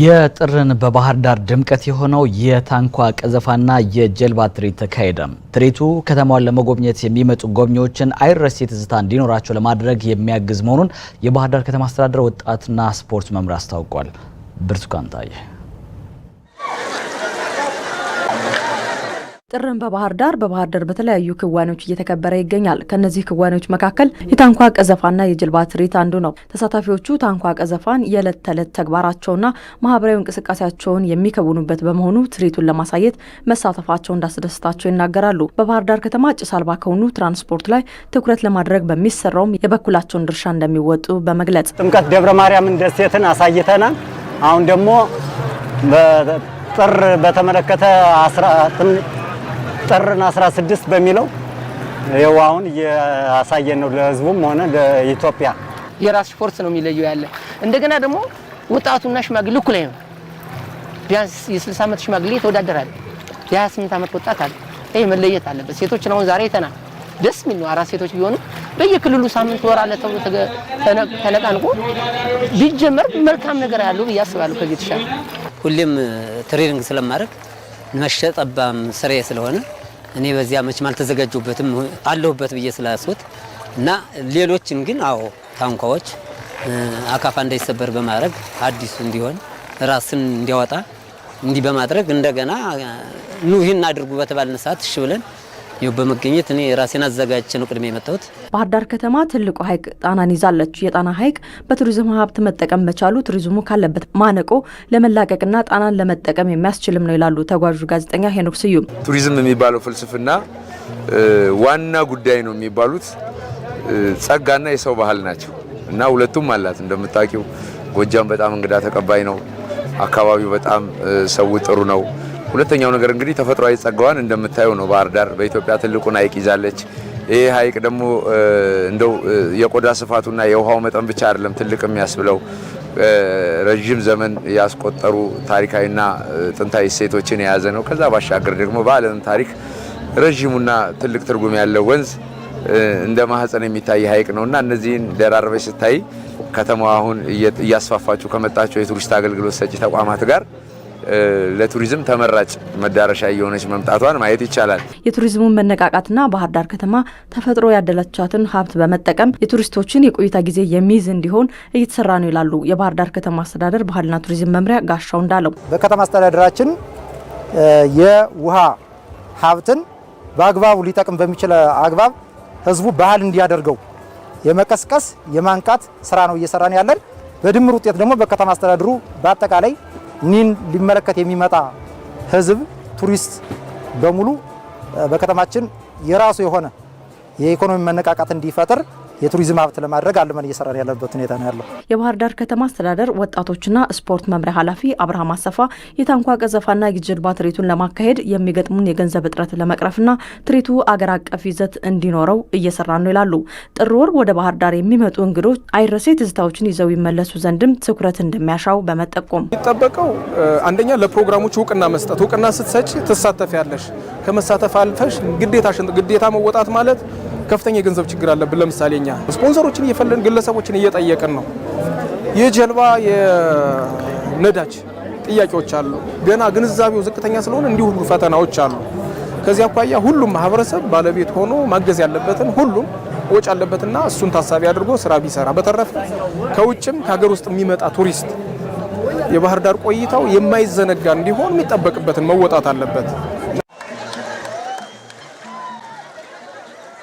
የጥርን በባህር ዳር ድምቀት የሆነው የታንኳ ቀዘፋና የጀልባ ትርኢት ተካሄደ። ትርኢቱ ከተማዋን ለመጎብኘት የሚመጡ ጎብኚዎችን አይረሴ ትዝታ እንዲኖራቸው ለማድረግ የሚያግዝ መሆኑን የባህር ዳር ከተማ አስተዳደር ወጣትና ስፖርት መምሪያ አስታውቋል። ብርቱካን ታየ ጥርን በባህር ዳር በባህር ዳር በተለያዩ ክዋኔዎች እየተከበረ ይገኛል። ከእነዚህ ክዋኔዎች መካከል የታንኳ ቀዘፋና የጀልባ ትርኢት አንዱ ነው። ተሳታፊዎቹ ታንኳ ቀዘፋን የዕለት ተዕለት ተግባራቸውና ማህበራዊ እንቅስቃሴያቸውን የሚከውኑበት በመሆኑ ትርኢቱን ለማሳየት መሳተፋቸው እንዳስደስታቸው ይናገራሉ። በባህር ዳር ከተማ ጭስ አልባ ከሆኑ ትራንስፖርት ላይ ትኩረት ለማድረግ በሚሰራውም የበኩላቸውን ድርሻ እንደሚወጡ በመግለጽ ጥምቀት ደብረ ማርያምን ደሴትን አሳይተናል። አሁን ደግሞ ጥር በተመለከተ ጥርን 16 በሚለው ይኸው አሁን እያሳየን ነው ለህዝቡም ሆነ ለኢትዮጵያ። የራስ ስፖርት ነው የሚለየው ያለ እንደገና ደግሞ ወጣቱና ሽማግሌ እኩል ነው። ቢያንስ የ60 ዓመት ሽማግሌ ተወዳደራል። የ28 ዓመት ወጣት አለ። ይሄ መለየት አለበት። ሴቶችን አሁን ዛሬ ተና ደስ የሚል ነው። አራት ሴቶች ቢሆኑ በየክልሉ ሳምንት ወር አለ ተብሎ ተነቃንቆ ቢጀመር መልካም ነገር ያለው ብዬ አስባለሁ። ከዚህ ተሻለ ሁሌም ትሬኒንግ ስለማድረግ መሸጠባም ስሬ ስለሆነ እኔ በዚያ መቼም አልተዘጋጁበትም አለሁበት ብዬ ስላስኩት እና ሌሎችን ግን አዎ ታንኳዎች አካፋ እንዳይሰበር በማድረግ አዲሱ እንዲሆን ራስን እንዲያወጣ እንዲህ በማድረግ እንደገና ኑ ይህን አድርጉ በተባልን ሰዓት እሺ ብለን ይኸው በመገኘት እኔ ራሴን አዘጋጅቼ ነው ቅድሜ የመጣሁት። ባህር ዳር ከተማ ትልቁ ሐይቅ ጣናን ይዛለች። የጣና ሐይቅ በቱሪዝም ሀብት መጠቀም መቻሉ ቱሪዝሙ ካለበት ማነቆ ለመላቀቅና ጣናን ለመጠቀም የሚያስችልም ነው ይላሉ ተጓዡ ጋዜጠኛ ሄኖክ ስዩም። ቱሪዝም የሚባለው ፍልስፍና ዋና ጉዳይ ነው የሚባሉት ጸጋና የሰው ባህል ናቸው እና ሁለቱም አላት እንደምታውቂው ጎጃም በጣም እንግዳ ተቀባይ ነው። አካባቢው በጣም ሰው ጥሩ ነው። ሁለተኛው ነገር እንግዲህ ተፈጥሯዊ ጸጋዋን እንደምታየው ነው። ባህር ዳር በኢትዮጵያ ትልቁን ሐይቅ ይዛለች። ይህ ሐይቅ ደግሞ እንደው የቆዳ ስፋቱና የውሃው መጠን ብቻ አይደለም ትልቅ የሚያስብለው ረዥም ዘመን ያስቆጠሩ ታሪካዊና ጥንታዊ እሴቶችን የያዘ ነው። ከዛ ባሻገር ደግሞ በዓለም ታሪክ ረዥሙና ትልቅ ትርጉም ያለው ወንዝ እንደ ማህፀን የሚታይ ሐይቅ ነው እና እነዚህን ደራርበች ስታይ ከተማዋ አሁን እያስፋፋችሁ ከመጣቸው የቱሪስት አገልግሎት ሰጪ ተቋማት ጋር ለቱሪዝም ተመራጭ መዳረሻ እየሆነች መምጣቷን ማየት ይቻላል። የቱሪዝሙን መነቃቃትና ባህር ዳር ከተማ ተፈጥሮ ያደለቻትን ሀብት በመጠቀም የቱሪስቶችን የቆይታ ጊዜ የሚይዝ እንዲሆን እየተሰራ ነው ይላሉ የባህር ዳር ከተማ አስተዳደር ባህልና ቱሪዝም መምሪያ ጋሻው እንዳለው። በከተማ አስተዳደራችን የውሃ ሀብትን በአግባቡ ሊጠቅም በሚችል አግባብ ህዝቡ ባህል እንዲያደርገው የመቀስቀስ የማንቃት ስራ ነው እየሰራን ያለን። በድምር ውጤት ደግሞ በከተማ አስተዳደሩ በአጠቃላይ እኒህን ሊመለከት የሚመጣ ህዝብ ቱሪስት በሙሉ በከተማችን የራሱ የሆነ የኢኮኖሚ መነቃቃት እንዲፈጥር የቱሪዝም ሀብት ለማድረግ አልመን እየሰራን ያለበት ሁኔታ ነው ያለው። የባህር ዳር ከተማ አስተዳደር ወጣቶችና ስፖርት መምሪያ ኃላፊ አብርሃም አሰፋ የታንኳ ቀዘፋና ጅልባ ትርኢቱን ለማካሄድ የሚገጥሙን የገንዘብ እጥረት ለመቅረፍና ትርኢቱ አገር አቀፍ ይዘት እንዲኖረው እየሰራ ነው ይላሉ። ጥር ወር ወደ ባህር ዳር የሚመጡ እንግዶች አይረሴ ትዝታዎችን ይዘው ይመለሱ ዘንድም ትኩረት እንደሚያሻው በመጠቆም የሚጠበቀው አንደኛ ለፕሮግራሞች እውቅና መስጠት፣ እውቅና ስትሰጪ ትሳተፊያለሽ። ከመሳተፍ አልፈሽ ግዴታ መወጣት ማለት ከፍተኛ የገንዘብ ችግር አለብን። ለምሳሌ እኛ ስፖንሰሮችን እየፈለን ግለሰቦችን እየጠየቅን ነው። የጀልባ የነዳጅ ጥያቄዎች አሉ። ገና ግንዛቤው ዝቅተኛ ስለሆነ እንዲሁ ሁሉ ፈተናዎች አሉ። ከዚህ አኳያ ሁሉም ማህበረሰብ ባለቤት ሆኖ ማገዝ ያለበትን ሁሉም ወጪ አለበትና እሱን ታሳቢ አድርጎ ስራ ቢሰራ፣ በተረፈ ከውጭም ከሀገር ውስጥ የሚመጣ ቱሪስት የባህር ዳር ቆይታው የማይዘነጋ እንዲሆን የሚጠበቅበትን መወጣት አለበት።